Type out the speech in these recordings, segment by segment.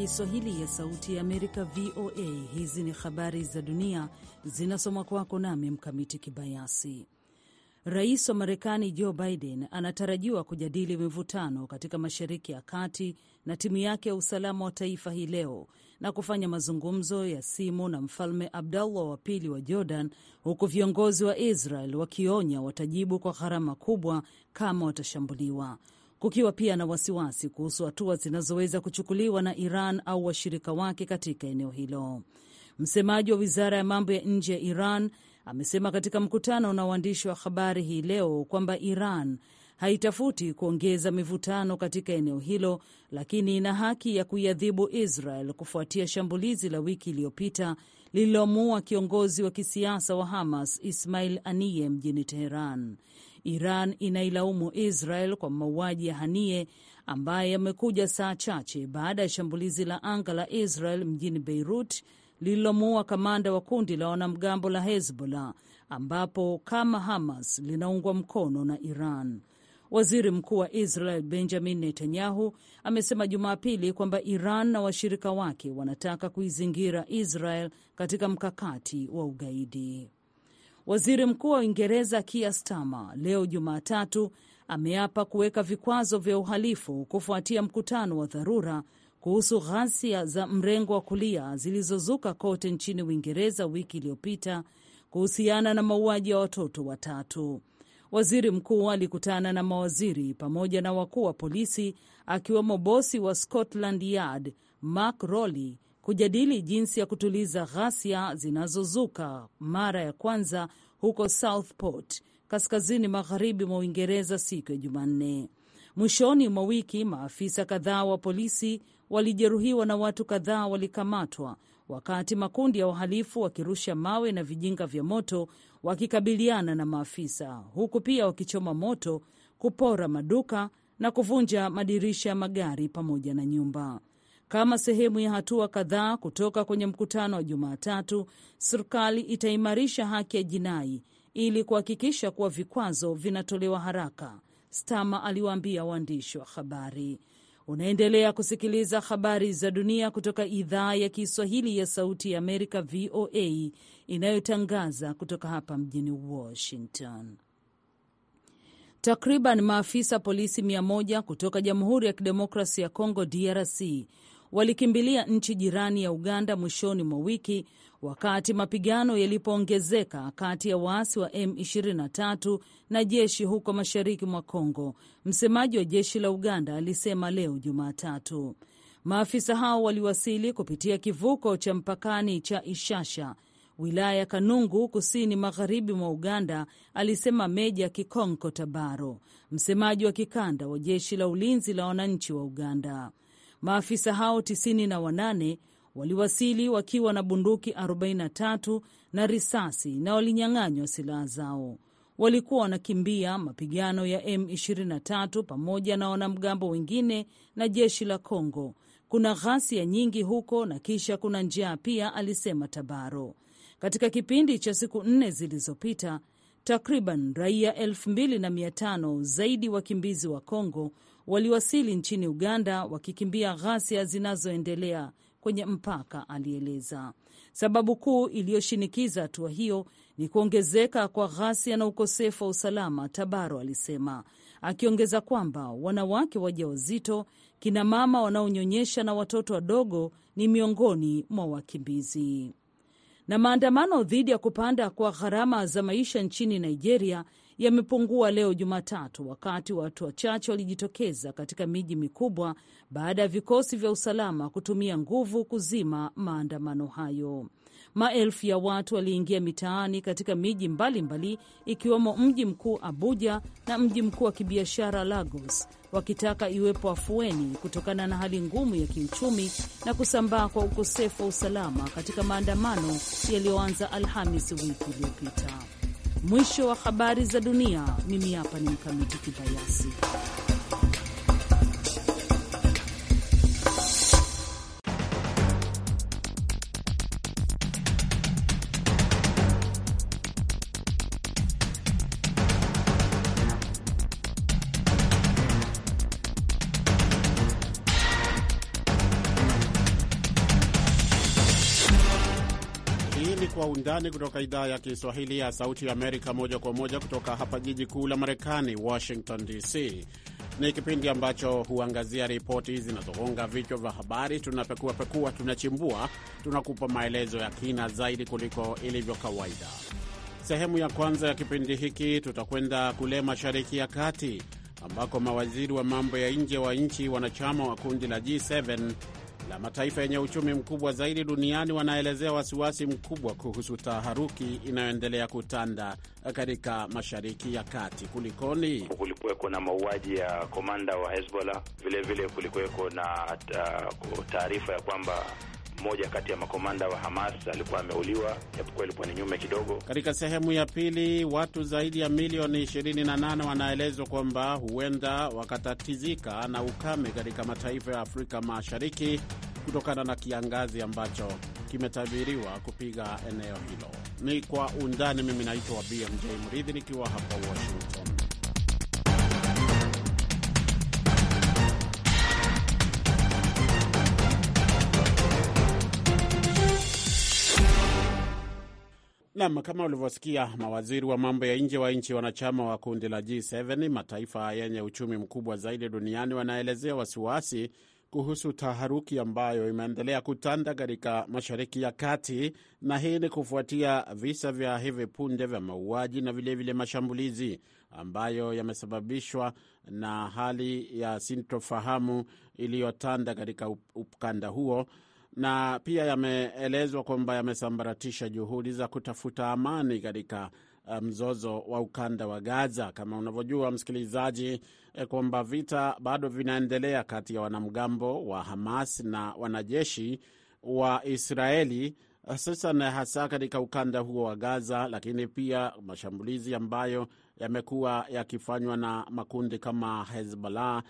Kiswahili ya Sauti ya Amerika, VOA. Hizi ni habari za dunia zinasoma kwako nami Mkamiti Kibayasi. Rais wa Marekani Joe Biden anatarajiwa kujadili mivutano katika Mashariki ya Kati na timu yake ya usalama wa taifa hii leo na kufanya mazungumzo ya simu na Mfalme Abdullah wa Pili wa Jordan, huku viongozi wa Israel wakionya watajibu kwa gharama kubwa kama watashambuliwa kukiwa pia na wasiwasi kuhusu hatua zinazoweza kuchukuliwa na Iran au washirika wake katika eneo hilo. Msemaji wa wizara ya mambo ya nje ya Iran amesema katika mkutano na waandishi wa habari hii leo kwamba Iran haitafuti kuongeza mivutano katika eneo hilo, lakini ina haki ya kuiadhibu Israel kufuatia shambulizi la wiki iliyopita lililomuua kiongozi wa kisiasa wa Hamas Ismail Aniye mjini Teheran. Iran inailaumu Israel kwa mauaji ya hanie ambaye yamekuja saa chache baada ya shambulizi la anga la Israel mjini Beirut lililomuua kamanda wa kundi la wanamgambo la Hezbollah, ambapo kama Hamas linaungwa mkono na Iran. Waziri Mkuu wa Israel Benjamin Netanyahu amesema Jumapili kwamba Iran na washirika wake wanataka kuizingira Israel katika mkakati wa ugaidi. Waziri Mkuu wa Uingereza Keir Starmer leo Jumatatu ameapa kuweka vikwazo vya uhalifu kufuatia mkutano wa dharura kuhusu ghasia za mrengo wa kulia zilizozuka kote nchini Uingereza wiki iliyopita kuhusiana na mauaji ya watoto watatu. Waziri mkuu alikutana na mawaziri pamoja na wakuu wa polisi akiwemo bosi wa Scotland Yard Mark Rowley kujadili jinsi ya kutuliza ghasia zinazozuka mara ya kwanza huko Southport, kaskazini magharibi mwa Uingereza siku ya Jumanne. Mwishoni mwa wiki, maafisa kadhaa wa polisi walijeruhiwa na watu kadhaa walikamatwa wakati makundi ya wahalifu wakirusha mawe na vijinga vya moto wakikabiliana na maafisa, huku pia wakichoma moto, kupora maduka na kuvunja madirisha ya magari pamoja na nyumba. Kama sehemu ya hatua kadhaa kutoka kwenye mkutano wa Jumatatu, serikali itaimarisha haki ya jinai ili kuhakikisha kuwa vikwazo vinatolewa haraka, Stama aliwaambia waandishi wa habari. Unaendelea kusikiliza habari za dunia kutoka idhaa ya Kiswahili ya Sauti ya Amerika, VOA, inayotangaza kutoka hapa mjini Washington. Takriban maafisa polisi mia moja kutoka Jamhuri ya Kidemokrasi ya Kongo, DRC, walikimbilia nchi jirani ya Uganda mwishoni mwa wiki wakati mapigano yalipoongezeka kati ya waasi wa M23 na jeshi huko mashariki mwa congo Msemaji wa jeshi la Uganda alisema leo Jumatatu maafisa hao waliwasili kupitia kivuko cha mpakani cha Ishasha wilaya ya Kanungu kusini magharibi mwa Uganda, alisema Meja Kikonko Tabaro, msemaji wa kikanda wa jeshi la ulinzi la wananchi wa Uganda. Maafisa hao 98 waliwasili wakiwa na bunduki 43 na risasi na walinyang'anywa silaha zao. Walikuwa wanakimbia mapigano ya M23 pamoja na wanamgambo wengine na jeshi la Kongo. Kuna ghasia nyingi huko na kisha kuna njaa pia, alisema Tabaro. Katika kipindi cha siku nne zilizopita, takriban raia 2500 zaidi wakimbizi wa Kongo waliwasili nchini Uganda wakikimbia ghasia zinazoendelea kwenye mpaka, alieleza. Sababu kuu iliyoshinikiza hatua hiyo ni kuongezeka kwa ghasia na ukosefu wa usalama, Tabaro alisema, akiongeza kwamba wanawake wajawazito, kina mama wanaonyonyesha na watoto wadogo ni miongoni mwa wakimbizi. Na maandamano dhidi ya kupanda kwa gharama za maisha nchini Nigeria yamepungua leo Jumatatu, wakati watu wachache walijitokeza katika miji mikubwa baada ya vikosi vya usalama kutumia nguvu kuzima maandamano hayo. Maelfu ya watu waliingia mitaani katika miji mbalimbali ikiwemo mji mkuu Abuja na mji mkuu wa kibiashara Lagos, wakitaka iwepo afueni kutokana na hali ngumu ya kiuchumi na kusambaa kwa ukosefu wa usalama katika maandamano yaliyoanza Alhamisi wiki iliyopita. Mwisho wa habari za dunia. Mimi hapa ni Mkamiti Kibayasi. Undani kutoka idhaa ya Kiswahili ya Sauti ya Amerika, moja kwa moja kutoka hapa jiji kuu la Marekani, Washington DC. Ni kipindi ambacho huangazia ripoti zinazogonga vichwa vya habari. Tunapekua pekua, tunachimbua, tunakupa maelezo ya kina zaidi kuliko ilivyo kawaida. Sehemu ya kwanza ya kipindi hiki tutakwenda kule Mashariki ya Kati ambako mawaziri wa mambo ya nje wa nchi wanachama wa kundi la G7 na mataifa yenye uchumi mkubwa zaidi duniani wanaelezea wasiwasi mkubwa kuhusu taharuki inayoendelea kutanda katika Mashariki ya Kati. Kulikoni? Kulikuweko na mauaji ya komanda wa Hezbollah, vilevile kulikuweko na uh, taarifa ya kwamba mmoja kati ya makomanda wa Hamas alikuwa ameuliwa, japokuwa ilikuwa ni nyume kidogo. Katika sehemu ya pili, watu zaidi ya milioni 28 wanaelezwa kwamba huenda wakatatizika na ukame katika mataifa ya Afrika Mashariki kutokana na kiangazi ambacho kimetabiriwa kupiga eneo hilo. Ni kwa undani. Mimi naitwa BMJ Mridhi nikiwa hapa Washington. Nam, kama ulivyosikia, mawaziri wa mambo ya nje wa nchi wanachama wa kundi la G7, mataifa yenye uchumi mkubwa zaidi duniani, wanaelezea wasiwasi kuhusu taharuki ambayo imeendelea kutanda katika Mashariki ya Kati, na hii ni kufuatia visa vya hivi punde vya mauaji na vilevile vile mashambulizi ambayo yamesababishwa na hali ya sintofahamu iliyotanda katika ukanda huo na pia yameelezwa kwamba yamesambaratisha juhudi za kutafuta amani katika eh, mzozo wa ukanda wa Gaza. Kama unavyojua msikilizaji, eh, kwamba vita bado vinaendelea kati ya wanamgambo wa Hamas na wanajeshi wa Israeli eh, na hasa katika ukanda huo wa Gaza, lakini pia mashambulizi ambayo yamekuwa yakifanywa na makundi kama Hezbollah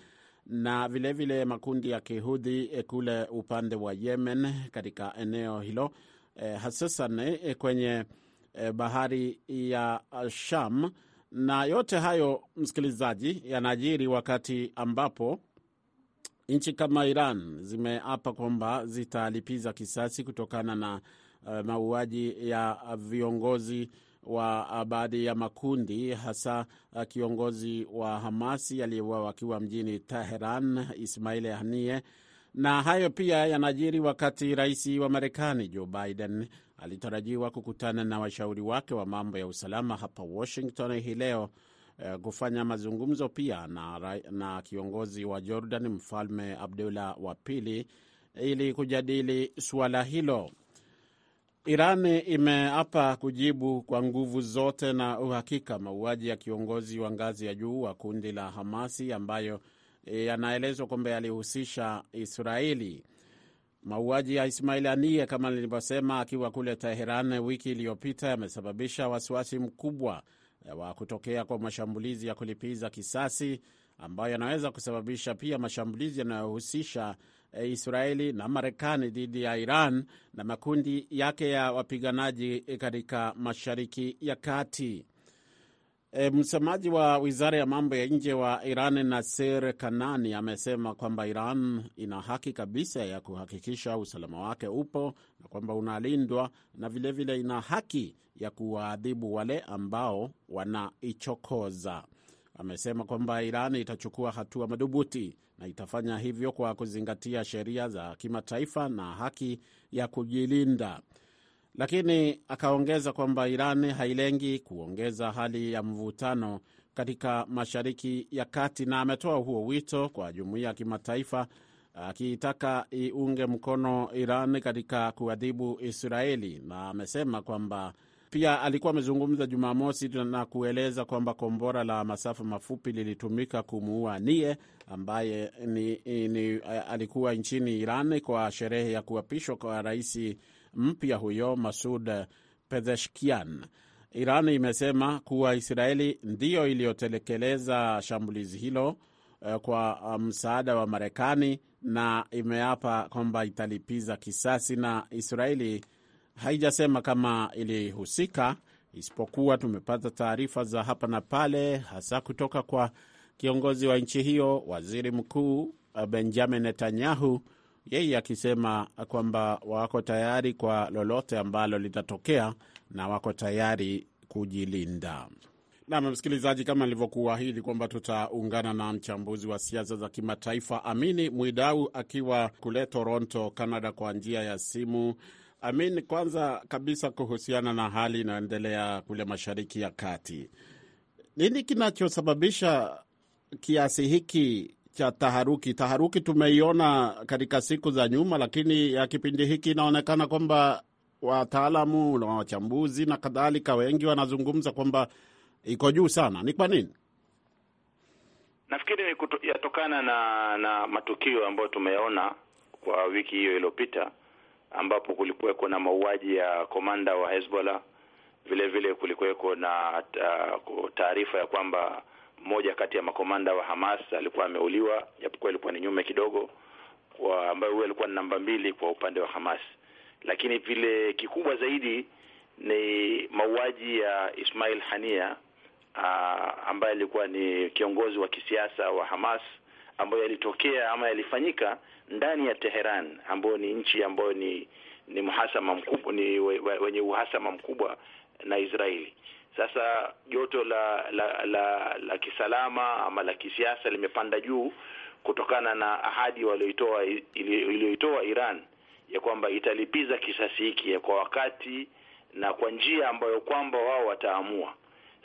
na vilevile vile makundi ya kihudhi eh, kule upande wa Yemen katika eneo hilo e, eh, hasusan e, eh, kwenye e, bahari ya Sham. Na yote hayo msikilizaji, yanajiri wakati ambapo nchi kama Iran zimeapa kwamba zitalipiza kisasi kutokana na uh, mauaji ya viongozi wa baadhi ya makundi hasa kiongozi wa Hamasi aliyeuawa akiwa mjini Teheran, Ismail hanie Na hayo pia yanajiri wakati rais wa Marekani Joe Biden alitarajiwa kukutana na washauri wake wa mambo ya usalama hapa Washington hii leo e, kufanya mazungumzo pia na, na kiongozi wa Jordan mfalme Abdullah wa pili ili kujadili suala hilo. Iran imeapa kujibu kwa nguvu zote na uhakika mauaji ya kiongozi wa ngazi ya juu wa kundi la Hamasi ambayo e, yanaelezwa kwamba yalihusisha Israeli. Mauaji ya Ismail Haniyeh kama nilivyosema, akiwa kule Teheran wiki iliyopita yamesababisha wasiwasi mkubwa e, wa kutokea kwa mashambulizi ya kulipiza kisasi ambayo yanaweza kusababisha pia mashambulizi yanayohusisha Eh, Israeli na Marekani dhidi ya Iran na makundi yake ya wapiganaji eh, katika Mashariki ya Kati. E, msemaji wa wizara ya mambo ya nje wa Iran nasir Kanani amesema kwamba Iran ina haki kabisa ya kuhakikisha usalama wake upo na kwamba unalindwa na vilevile vile ina haki ya kuwaadhibu wale ambao wanaichokoza amesema kwamba Iran itachukua hatua madhubuti na itafanya hivyo kwa kuzingatia sheria za kimataifa na haki ya kujilinda, lakini akaongeza kwamba Iran hailengi kuongeza hali ya mvutano katika Mashariki ya Kati, na ametoa huo wito kwa jumuiya ya kimataifa akiitaka iunge mkono Iran katika kuadhibu Israeli, na amesema kwamba pia alikuwa amezungumza Jumamosi na kueleza kwamba kombora la masafa mafupi lilitumika kumuua Nie ambaye ni, ni, alikuwa nchini Iran kwa sherehe ya kuapishwa kwa rais mpya huyo Masud Pezeshkian. Iran imesema kuwa Israeli ndiyo iliyotekeleza shambulizi hilo eh, kwa eh, msaada wa Marekani na imeapa kwamba italipiza kisasi na Israeli haijasema kama ilihusika, isipokuwa tumepata taarifa za hapa na pale, hasa kutoka kwa kiongozi wa nchi hiyo, waziri mkuu Benjamin Netanyahu, yeye akisema kwamba wako tayari kwa lolote ambalo litatokea na wako tayari kujilinda. Nam msikilizaji, kama nilivyokuahidi kwamba tutaungana na mchambuzi wa siasa za kimataifa Amini Mwidau akiwa kule Toronto, Canada, kwa njia ya simu. Amin, kwanza kabisa kuhusiana na hali inayoendelea kule Mashariki ya Kati, nini kinachosababisha kiasi hiki cha taharuki? Taharuki tumeiona katika siku za nyuma, lakini ya kipindi hiki inaonekana kwamba wataalamu na wachambuzi na kadhalika wengi wanazungumza kwamba iko juu sana. Ni kwa nini? Nafikiri ni yatokana na na matukio ambayo tumeona kwa wiki hiyo iliyopita ambapo kulikuweko na mauaji ya komanda wa Hezbollah. Vile vile kulikuweko na uh, taarifa ya kwamba mmoja kati ya makomanda wa Hamas alikuwa ameuliwa, japokuwa ilikuwa ni nyume kidogo, kwa ambayo huyo alikuwa ni namba mbili kwa upande wa Hamas. Lakini vile kikubwa zaidi ni mauaji ya Ismail Hania, uh, ambaye alikuwa ni kiongozi wa kisiasa wa Hamas ambayo yalitokea ama yalifanyika ndani ya Teheran, ambayo ni nchi ambayo ni ni mhasama mkubwa, ni wenye uhasama mkubwa na Israeli. Sasa joto la la la, la kisalama ama la kisiasa limepanda juu kutokana na ahadi walioitoa iliyoitoa Iran ya kwamba italipiza kisasi hiki kwa wakati na kwa njia ambayo kwamba wao wataamua.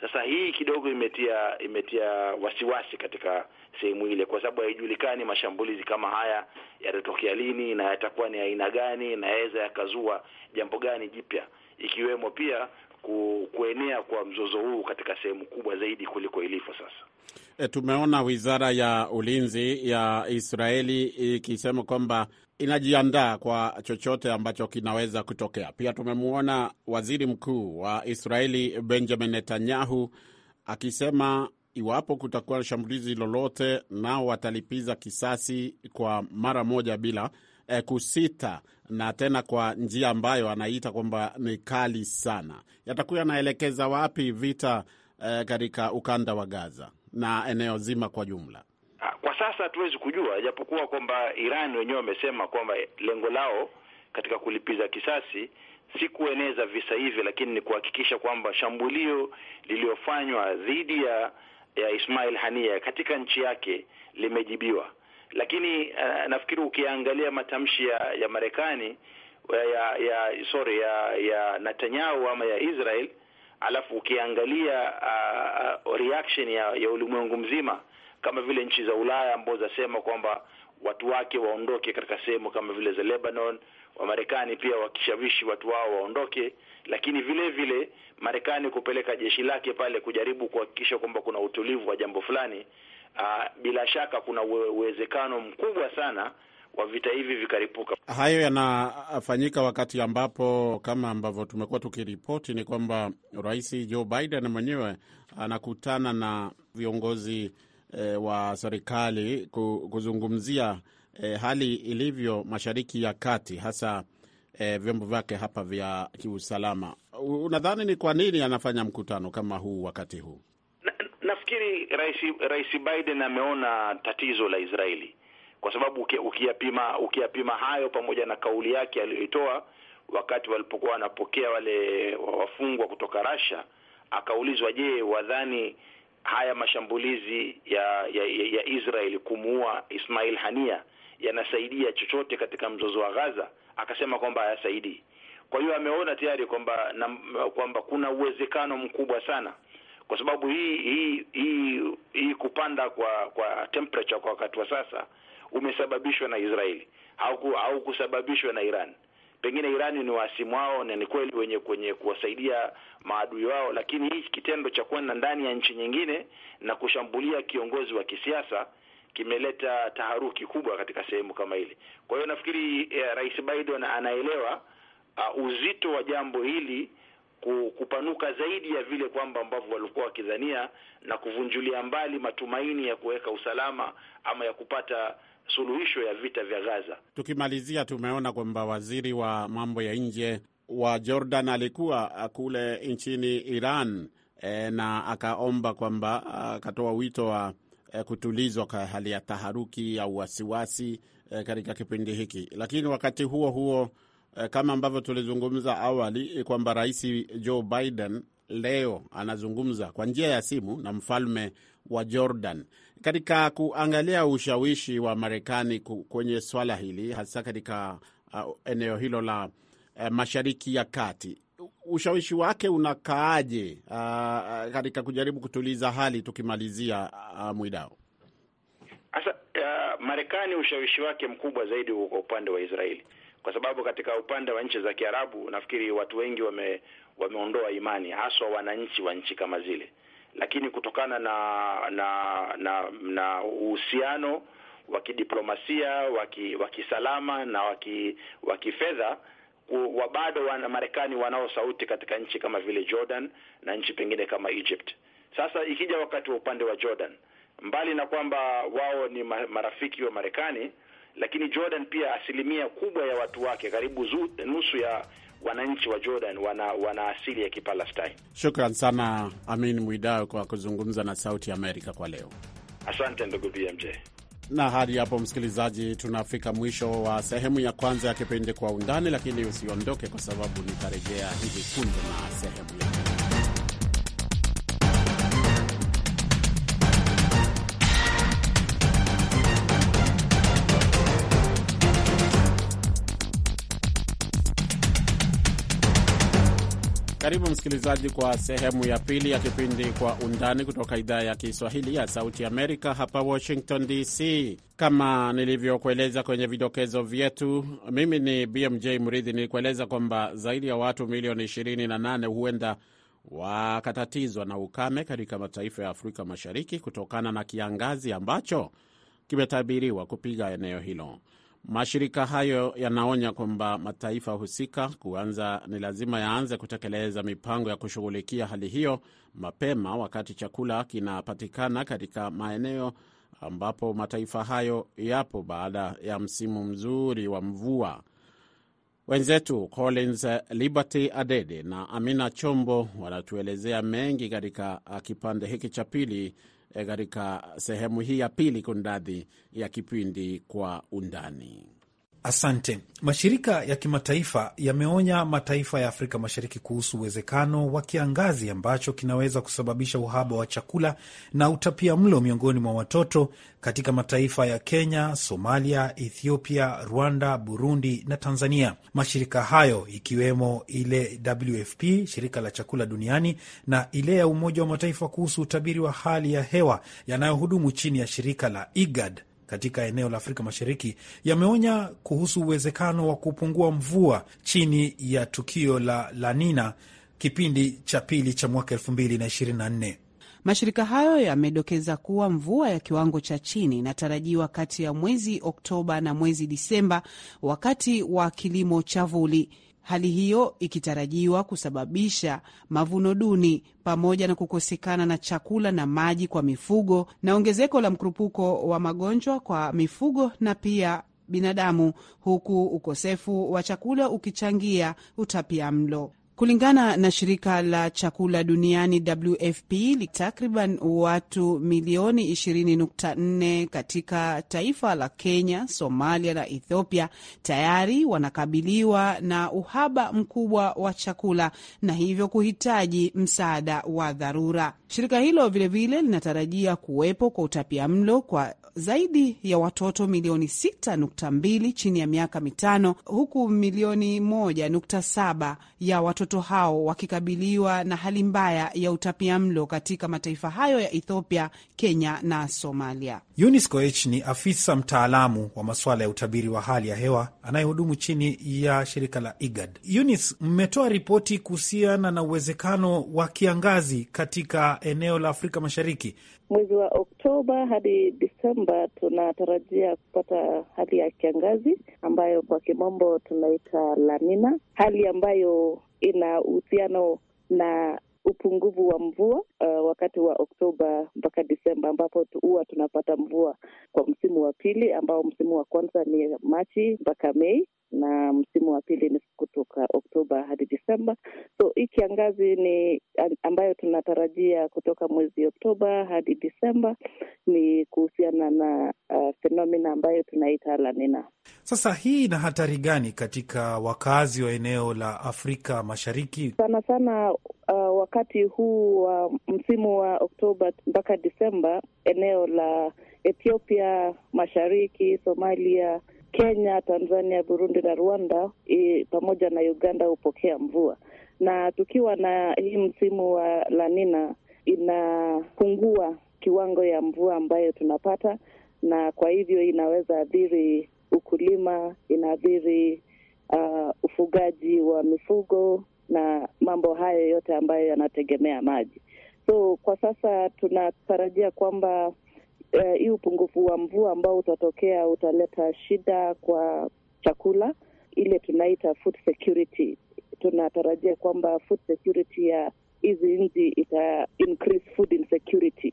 Sasa hii kidogo imetia imetia wasiwasi katika sehemu ile, kwa sababu haijulikani mashambulizi kama haya yatatokea lini na yatakuwa ni aina gani, na yaweza yakazua jambo gani jipya, ikiwemo pia ku, kuenea kwa mzozo huu katika sehemu kubwa zaidi kuliko ilivyo sasa. E, tumeona wizara ya ulinzi ya Israeli ikisema kwamba inajiandaa kwa chochote ambacho kinaweza kutokea. Pia tumemwona waziri mkuu wa Israeli Benjamin Netanyahu akisema iwapo kutakuwa shambulizi lolote, nao watalipiza kisasi kwa mara moja bila e, kusita na tena kwa njia ambayo anaita kwamba ni kali sana. Yatakuwa yanaelekeza wapi vita e, katika ukanda wa Gaza? na eneo zima kwa jumla? Ah, kwa sasa hatuwezi kujua, japokuwa kwamba Iran wenyewe wamesema kwamba lengo lao katika kulipiza kisasi si kueneza visa hivi, lakini ni kuhakikisha kwamba shambulio lililofanywa dhidi ya ya Ismail Hania katika nchi yake limejibiwa. Lakini uh, nafikiri ukiangalia matamshi ya, ya Marekani ya, ya sorry ya, ya Netanyahu ama ya Israel alafu ukiangalia uh, uh, reaction ya, ya ulimwengu mzima kama vile nchi za Ulaya ambao zasema kwamba watu wake waondoke katika sehemu kama vile za Lebanon, Wamarekani pia wakishawishi watu wao waondoke, lakini vile vile Marekani kupeleka jeshi lake pale kujaribu kuhakikisha kwamba kuna utulivu wa jambo fulani. Uh, bila shaka kuna uwezekano mkubwa sana wa vita hivi vikaripuka. Hayo yanafanyika wakati ambapo kama ambavyo tumekuwa tukiripoti ni kwamba Rais Joe Biden mwenyewe anakutana na viongozi eh, wa serikali kuzungumzia eh, hali ilivyo Mashariki ya Kati hasa eh, vyombo vyake hapa vya kiusalama. Unadhani ni kwa nini anafanya mkutano kama huu wakati huu? Nafikiri rais Rais Biden ameona tatizo la Israeli kwa sababu ukiyapima ukiyapima hayo pamoja na kauli yake aliyoitoa wakati walipokuwa wanapokea wale wafungwa kutoka rasha akaulizwa, je, wadhani haya mashambulizi ya ya, ya Israeli kumuua Ismail Hania yanasaidia chochote katika mzozo wa Gaza? Akasema kwamba hayasaidii. Kwa hiyo ameona tayari kwamba kwamba kuna uwezekano mkubwa sana kwa sababu hii hii hii, hii kupanda kwa kwa temperature kwa wakati wa sasa umesababishwa na Israeli haukusababishwa na Iran. Pengine Iran ni waasimu wao na ni kweli wenye kwenye kuwasaidia maadui wao, lakini hii kitendo cha kwenda ndani ya nchi nyingine na kushambulia kiongozi wa kisiasa kimeleta taharuki kubwa katika sehemu kama ile. Kwa hiyo nafikiri eh, Rais Biden anaelewa uh, uzito wa jambo hili kupanuka zaidi ya vile kwamba ambavyo walikuwa wakidhania na kuvunjulia mbali matumaini ya kuweka usalama ama ya kupata suluhisho ya vita vya Gaza. Tukimalizia, tumeona kwamba waziri wa mambo ya nje wa Jordan alikuwa uh, kule nchini Iran e, na akaomba kwamba uh, akatoa wito wa e, kutulizwa kwa hali ya taharuki au wasiwasi e, katika kipindi hiki, lakini wakati huo huo Eh, kama ambavyo tulizungumza awali eh, kwamba Rais Joe Biden leo anazungumza kwa njia ya simu na mfalme wa Jordan katika kuangalia ushawishi wa Marekani kwenye swala hili, hasa katika uh, eneo hilo la uh, Mashariki ya Kati. Ushawishi wake unakaaje uh, katika kujaribu kutuliza hali? Tukimalizia uh, mwidao sasa, uh, Marekani ushawishi wake mkubwa zaidi uko kwa upande wa Israeli kwa sababu katika upande wa nchi za Kiarabu nafikiri watu wengi wame, wameondoa imani haswa wananchi wa nchi kama zile, lakini kutokana na na na uhusiano wa kidiplomasia wa kisalama na wa kifedha wa bado wana Marekani wanao sauti katika nchi kama vile Jordan na nchi pengine kama Egypt. Sasa ikija wakati wa upande wa Jordan, mbali na kwamba wao ni marafiki wa Marekani lakini Jordan pia asilimia kubwa ya watu wake karibu zu, nusu ya wananchi wa Jordan wana, wana asili ya Kipalestine. Shukran sana Amin Mwidao kwa kuzungumza na Sauti Amerika kwa leo. Asante ndugu BMJ. Na hadi hapo, msikilizaji, tunafika mwisho wa sehemu ya kwanza ya kipindi Kwa Undani, lakini usiondoke kwa sababu nitarejea hivi punde na sehemu ya Karibu msikilizaji kwa sehemu ya pili ya kipindi Kwa Undani kutoka idhaa ya Kiswahili ya Sauti Amerika hapa Washington DC. Kama nilivyokueleza kwenye vidokezo vyetu, mimi ni BMJ Mridhi. Nilikueleza kwamba zaidi ya watu milioni 28 huenda wakatatizwa na ukame katika mataifa ya Afrika Mashariki kutokana na kiangazi ambacho kimetabiriwa kupiga eneo hilo. Mashirika hayo yanaonya kwamba mataifa husika kuanza ni lazima yaanze kutekeleza mipango ya kushughulikia hali hiyo mapema, wakati chakula kinapatikana katika maeneo ambapo mataifa hayo yapo baada ya msimu mzuri wa mvua. Wenzetu Collins Liberty Adede na Amina Chombo wanatuelezea mengi katika kipande hiki cha pili katika sehemu hii ya pili, kundadhi ya kipindi kwa undani. Asante. Mashirika ya kimataifa yameonya mataifa ya Afrika Mashariki kuhusu uwezekano wa kiangazi ambacho kinaweza kusababisha uhaba wa chakula na utapia mlo miongoni mwa watoto katika mataifa ya Kenya, Somalia, Ethiopia, Rwanda, Burundi na Tanzania. Mashirika hayo ikiwemo ile WFP, shirika la chakula duniani, na ile ya Umoja wa Mataifa kuhusu utabiri wa hali ya hewa yanayohudumu chini ya shirika la IGAD katika eneo la Afrika Mashariki yameonya kuhusu uwezekano wa kupungua mvua chini ya tukio la La Nina kipindi cha pili cha mwaka nne. Mashirika hayo yamedokeza kuwa mvua ya kiwango cha chini inatarajiwa kati ya mwezi Oktoba na mwezi Disemba wakati wa kilimo cha vuli hali hiyo ikitarajiwa kusababisha mavuno duni pamoja na kukosekana na chakula na maji kwa mifugo na ongezeko la mkurupuko wa magonjwa kwa mifugo na pia binadamu, huku ukosefu wa chakula ukichangia utapia mlo. Kulingana na shirika la chakula duniani WFP, takriban watu milioni 20.4 katika taifa la Kenya, Somalia na Ethiopia tayari wanakabiliwa na uhaba mkubwa wa chakula na hivyo kuhitaji msaada wa dharura. Shirika hilo vilevile linatarajia kuwepo kwa utapia mlo kwa zaidi ya watoto milioni 6.2 chini ya miaka mitano, huku milioni 1.7 ya watoto hao wakikabiliwa na hali mbaya ya utapia mlo katika mataifa hayo ya Ethiopia, Kenya na Somalia. Eunice Koech ni afisa mtaalamu wa masuala ya utabiri wa hali ya hewa anayehudumu chini ya shirika la IGAD. Eunice, mmetoa ripoti kuhusiana na uwezekano wa kiangazi katika eneo la Afrika Mashariki mwezi wa Oktoba hadi Disemba kwamba tunatarajia kupata hali ya kiangazi ambayo kwa kimombo tunaita lanina, hali ambayo ina uhusiano na upungufu wa mvua uh, wakati wa Oktoba mpaka Disemba, ambapo huwa tunapata mvua kwa msimu wa pili, ambao msimu wa kwanza ni Machi mpaka Mei, na msimu wa pili ni kutoka Oktoba hadi Disemba. So hii kiangazi ni ambayo tunatarajia kutoka mwezi Oktoba hadi Disemba ni kuhusiana na uh, fenomena ambayo tunaita La Nina. Sasa hii ina hatari gani katika wakazi wa eneo la Afrika Mashariki? Sana sana uh, wakati huu wa uh, msimu wa Oktoba mpaka Disemba, eneo la Ethiopia Mashariki, Somalia Kenya, Tanzania, Burundi na Rwanda i, pamoja na Uganda hupokea mvua, na tukiwa na hii msimu wa lanina inapungua kiwango ya mvua ambayo tunapata, na kwa hivyo inaweza athiri ukulima, inaathiri uh, ufugaji wa mifugo na mambo hayo yote ambayo yanategemea maji. So kwa sasa tunatarajia kwamba Eh, hii uh, upungufu wa mvua ambao utatokea utaleta shida kwa chakula, ile tunaita food security. Tunatarajia kwamba food security ya hizi nji ita increase food insecurity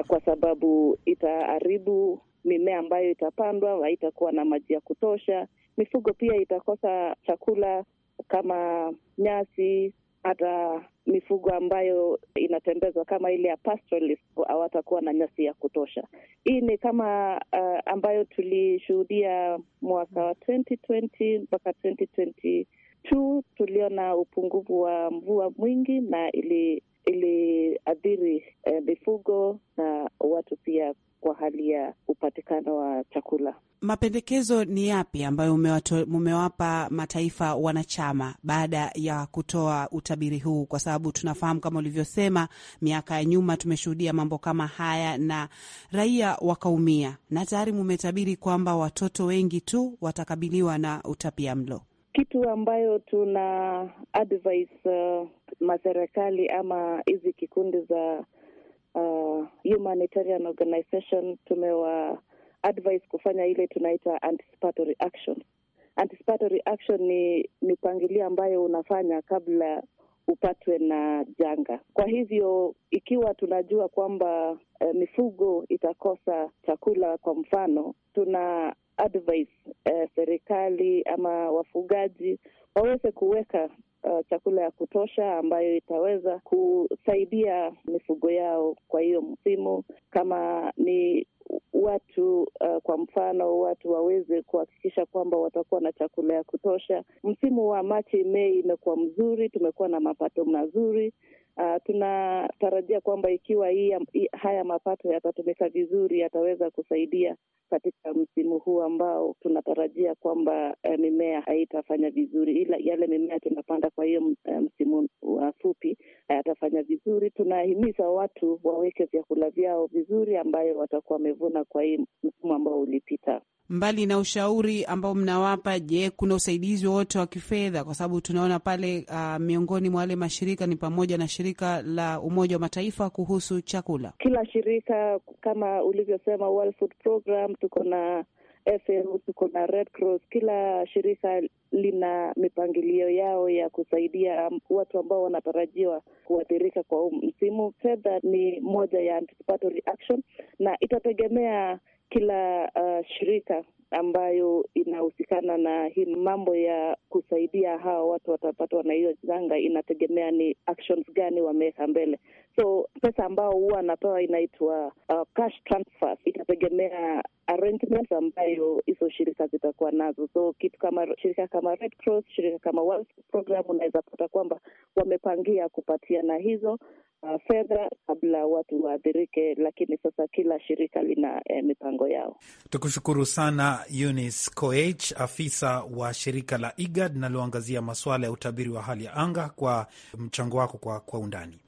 uh, kwa sababu itaharibu mimea ambayo itapandwa, haitakuwa na maji ya kutosha. Mifugo pia itakosa chakula kama nyasi, hata mifugo ambayo inatembezwa kama ile ya pastoralist hawatakuwa na nyasi ya kutosha. Hii ni kama uh, ambayo tulishuhudia mwaka wa 2020 mpaka 2022 tuliona upungufu wa mvua mwingi na ili iliathiri eh, mifugo na watu pia kwa hali ya upatikano wa chakula. Mapendekezo ni yapi ambayo mmewapa mataifa wanachama baada ya kutoa utabiri huu? Kwa sababu tunafahamu kama ulivyosema, miaka ya nyuma tumeshuhudia mambo kama haya na raia wakaumia, na tayari mumetabiri kwamba watoto wengi tu watakabiliwa na utapia mlo kitu ambayo tuna advise uh, maserikali ama hizi kikundi za uh, humanitarian organization tumewa advise kufanya ile tunaita anticipatory action. Anticipatory action ni mipangilio ambayo unafanya kabla upatwe na janga. Kwa hivyo ikiwa tunajua kwamba uh, mifugo itakosa chakula, kwa mfano, tuna advise eh, serikali ama wafugaji waweze kuweka Uh, chakula ya kutosha ambayo itaweza kusaidia mifugo yao kwa hiyo msimu. Kama ni watu uh, kwa mfano watu waweze kuhakikisha kwamba watakuwa na chakula ya kutosha. Msimu wa Machi, Mei imekuwa mzuri, tumekuwa na mapato mazuri Uh, tunatarajia kwamba ikiwa hii, haya mapato yatatumika vizuri yataweza kusaidia katika msimu huu ambao tunatarajia kwamba uh, mimea haitafanya vizuri, ila yale mimea tunapanda kwa hiyo uh, msimu hayatafanya uh, vizuri. Tunahimiza watu waweke vyakula vyao vizuri ambayo watakuwa wamevuna kwa hii msimu ambao ulipita mbali na ushauri ambao mnawapa, je, kuna usaidizi wowote wa kifedha? Kwa sababu tunaona pale uh, miongoni mwa wale mashirika ni pamoja na shirika la Umoja wa Mataifa kuhusu chakula. Kila shirika kama ulivyosema, World Food Program, tuko na FAO, tuko na Red Cross. Kila shirika lina mipangilio yao ya kusaidia watu ambao wanatarajiwa kuathirika kwa msimu. Fedha ni moja ya anticipatory action, na itategemea kila uh, shirika ambayo inahusikana na hii mambo ya kusaidia hawa watu watapatwa na hiyo janga, inategemea ni actions gani wameweka mbele. So pesa ambao huwa anapewa inaitwa uh, cash itategemea arrangements ambayo hizo shirika zitakuwa nazo. So kitu kama shirika kama Red Cross, shirika kama World Program, unaweza pata kwamba wamepangia kupatiana hizo Uh, fedha kabla watu waathirike, lakini sasa kila shirika lina eh, mipango yao. Tukushukuru sana Eunice Koech, afisa wa shirika la IGAD linaloangazia masuala ya utabiri wa hali ya anga, kwa mchango wako kwa, kwa undani.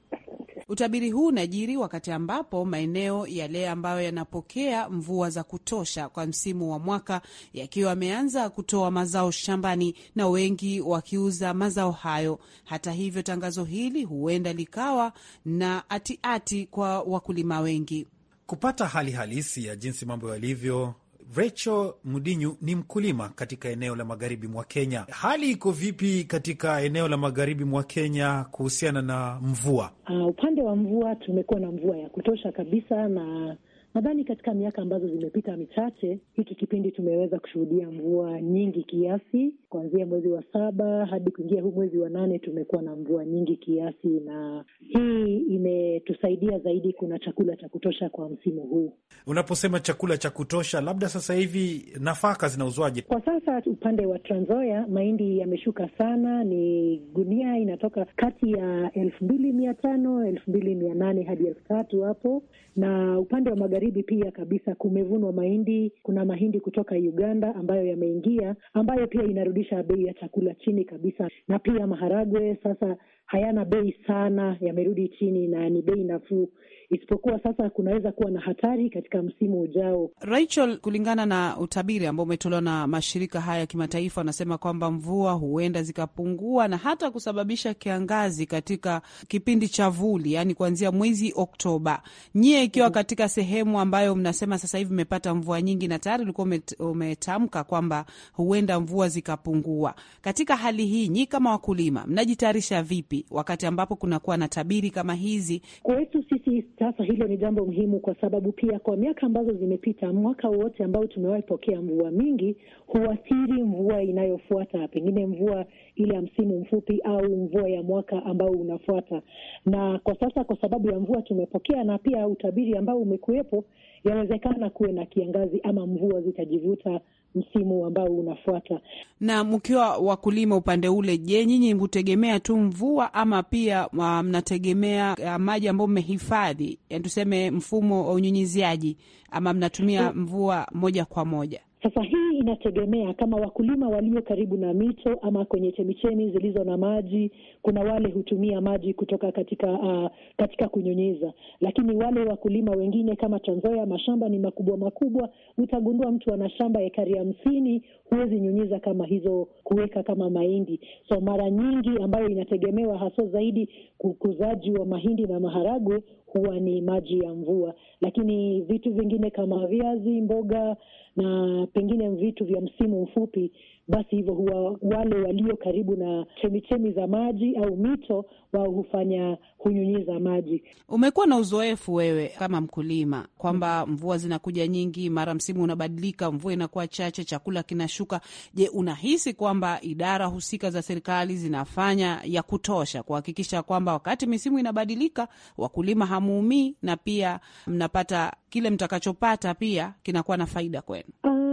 Utabiri huu unajiri wakati ambapo maeneo yale ambayo yanapokea mvua za kutosha kwa msimu wa mwaka yakiwa yameanza kutoa mazao shambani na wengi wakiuza mazao hayo. Hata hivyo, tangazo hili huenda likawa na atiati -ati kwa wakulima wengi kupata hali halisi ya jinsi mambo yalivyo Rachel Mudinyu ni mkulima katika eneo la magharibi mwa Kenya. Hali iko vipi katika eneo la magharibi mwa Kenya kuhusiana na mvua? Uh, upande wa mvua tumekuwa na mvua ya kutosha kabisa na Nadhani katika miaka ambazo zimepita michache, hiki kipindi tumeweza kushuhudia mvua nyingi kiasi. Kuanzia mwezi wa saba hadi kuingia huu mwezi wa nane tumekuwa na mvua nyingi kiasi, na hii imetusaidia zaidi. Kuna chakula cha kutosha kwa msimu huu. Unaposema chakula cha kutosha, labda sasa hivi nafaka zinauzwaje kwa sasa? Upande wa Trans Nzoia mahindi yameshuka sana, ni gunia inatoka kati ya elfu mbili mia tano elfu mbili mia nane hadi elfu tatu hapo, na upande wa magari magharibi pia kabisa kumevunwa mahindi. Kuna mahindi kutoka Uganda ambayo yameingia, ambayo pia inarudisha bei ya chakula chini kabisa, na pia maharagwe sasa hayana bei sana, yamerudi chini na ni bei nafuu, isipokuwa sasa kunaweza kuwa na hatari katika msimu ujao. Rachel, kulingana na utabiri ambao umetolewa na mashirika haya ya kimataifa, wanasema kwamba mvua huenda zikapungua na hata kusababisha kiangazi katika kipindi cha vuli, yani kuanzia mwezi Oktoba. Nyie ikiwa mhm. katika sehemu ambayo mnasema sasa hivi mmepata mvua nyingi na tayari ulikuwa umetamka kwamba huenda mvua zikapungua, katika hali hii, nyii kama wakulima mnajitayarisha vipi? vipi wakati ambapo kunakuwa na tabiri kama hizi? Kwetu sisi sasa hilo ni jambo muhimu, kwa sababu pia kwa miaka ambazo zimepita, mwaka wowote ambao tumewahi pokea mvua mingi huathiri mvua inayofuata, pengine mvua ile ya msimu mfupi au mvua ya mwaka ambao unafuata. Na kwa sasa kwa sababu ya mvua tumepokea na pia utabiri ambao umekuwepo, yawezekana kuwe na kiangazi ama mvua zitajivuta msimu ambao unafuata. Na mkiwa wakulima upande ule, je, nyinyi hutegemea tu mvua ama pia ah, mnategemea uh, maji ambayo mmehifadhi, yani eh, tuseme mfumo wa unyunyiziaji, ama mnatumia mvua moja kwa moja? Sasa hii inategemea kama wakulima walio karibu na mito ama kwenye chemichemi zilizo na maji. Kuna wale hutumia maji kutoka katika uh, katika kunyunyiza, lakini wale wakulima wengine kama tanzoya mashamba ni makubwa makubwa, utagundua mtu ana shamba ekari hamsini, huwezi nyunyiza kama hizo kuweka kama mahindi. So mara nyingi ambayo inategemewa haswa zaidi ukuzaji wa mahindi na maharagwe huwa ni maji ya mvua, lakini vitu vingine kama viazi, mboga na pengine vitu vya msimu mfupi, basi hivyo huwa wale walio karibu na chemichemi za maji au mito, wao hufanya hunyunyiza maji. Umekuwa na uzoefu wewe kama mkulima kwamba mvua zinakuja nyingi, mara msimu unabadilika, mvua inakuwa chache, chakula kinashuka. Je, unahisi kwamba idara husika za serikali zinafanya ya kutosha kuhakikisha kwamba wakati misimu inabadilika, wakulima hamuumii na pia mnapata kile mtakachopata, pia kinakuwa na faida kwenu? Ah,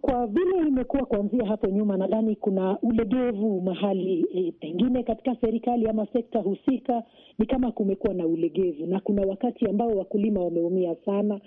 kwa vile imekuwa kuanzia hapo nyuma, nadhani kuna ulegevu mahali e, pengine katika serikali ama sekta husika, ni kama kumekuwa na ulegevu, na kuna wakati ambao wakulima wameumia sana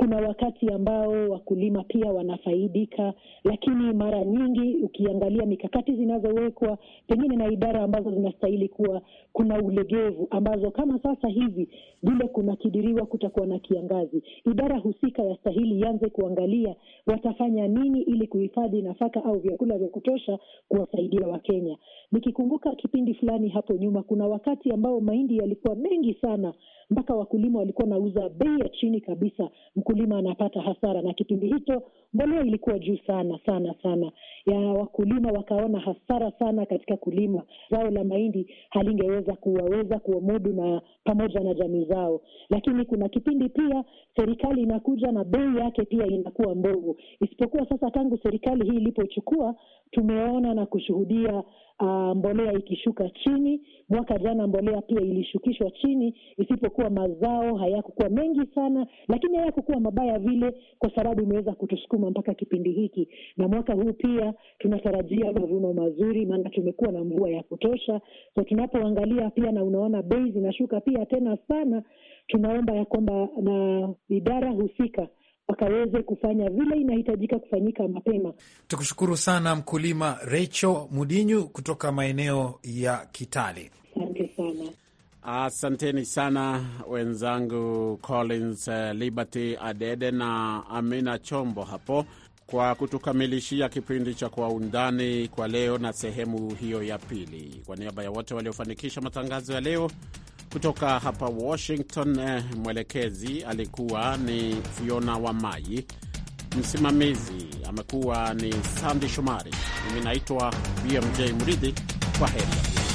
kuna wakati ambao wakulima pia wanafaidika, lakini mara nyingi ukiangalia mikakati zinazowekwa pengine na idara ambazo zinastahili kuwa, kuna ulegevu ambazo kama sasa hivi vile kunakidiriwa kutakuwa na kiangazi, idara husika yastahili ianze kuangalia watafanya nini ili kuhifadhi nafaka au vyakula vya kutosha kuwasaidia Wakenya. Nikikumbuka kipindi fulani hapo nyuma, kuna wakati ambao mahindi yalikuwa mengi sana mpaka wakulima walikuwa nauza bei ya chini kabisa mkulima anapata hasara, na kipindi hicho mbolea ilikuwa juu sana sana sana, ya wakulima wakaona hasara sana katika kulima. Zao la mahindi halingeweza kuwaweza kuwamudu na pamoja na jamii zao. Lakini kuna kipindi pia serikali inakuja na bei yake pia inakuwa mbovu, isipokuwa sasa tangu serikali hii ilipochukua tumeona na kushuhudia uh, mbolea ikishuka chini. Mwaka jana mbolea pia ilishukishwa chini, isipokuwa mazao hayakukuwa mengi sana, lakini hayakukuwa mabaya vile, kwa sababu imeweza kutusukuma mpaka kipindi hiki. Na mwaka huu pia tunatarajia mavuno mazuri, maana tumekuwa na mvua ya kutosha. So tunapoangalia pia na unaona bei zinashuka pia tena sana, tunaomba ya kwamba na idara husika wakaweze kufanya vile inahitajika kufanyika mapema. Tukushukuru sana mkulima Rachel Mudinyu kutoka maeneo ya Kitale. Asante sana. Asanteni sana wenzangu Collins eh, Liberty Adede na Amina Chombo hapo kwa kutukamilishia kipindi cha Kwa Undani kwa leo na sehemu hiyo ya pili. Kwa niaba ya wote waliofanikisha matangazo ya leo, kutoka hapa Washington, eh, mwelekezi alikuwa ni Fiona wa mai msimamizi amekuwa ni Sandi Shomari, mimi naitwa BMJ Muridhi. Kwa heri.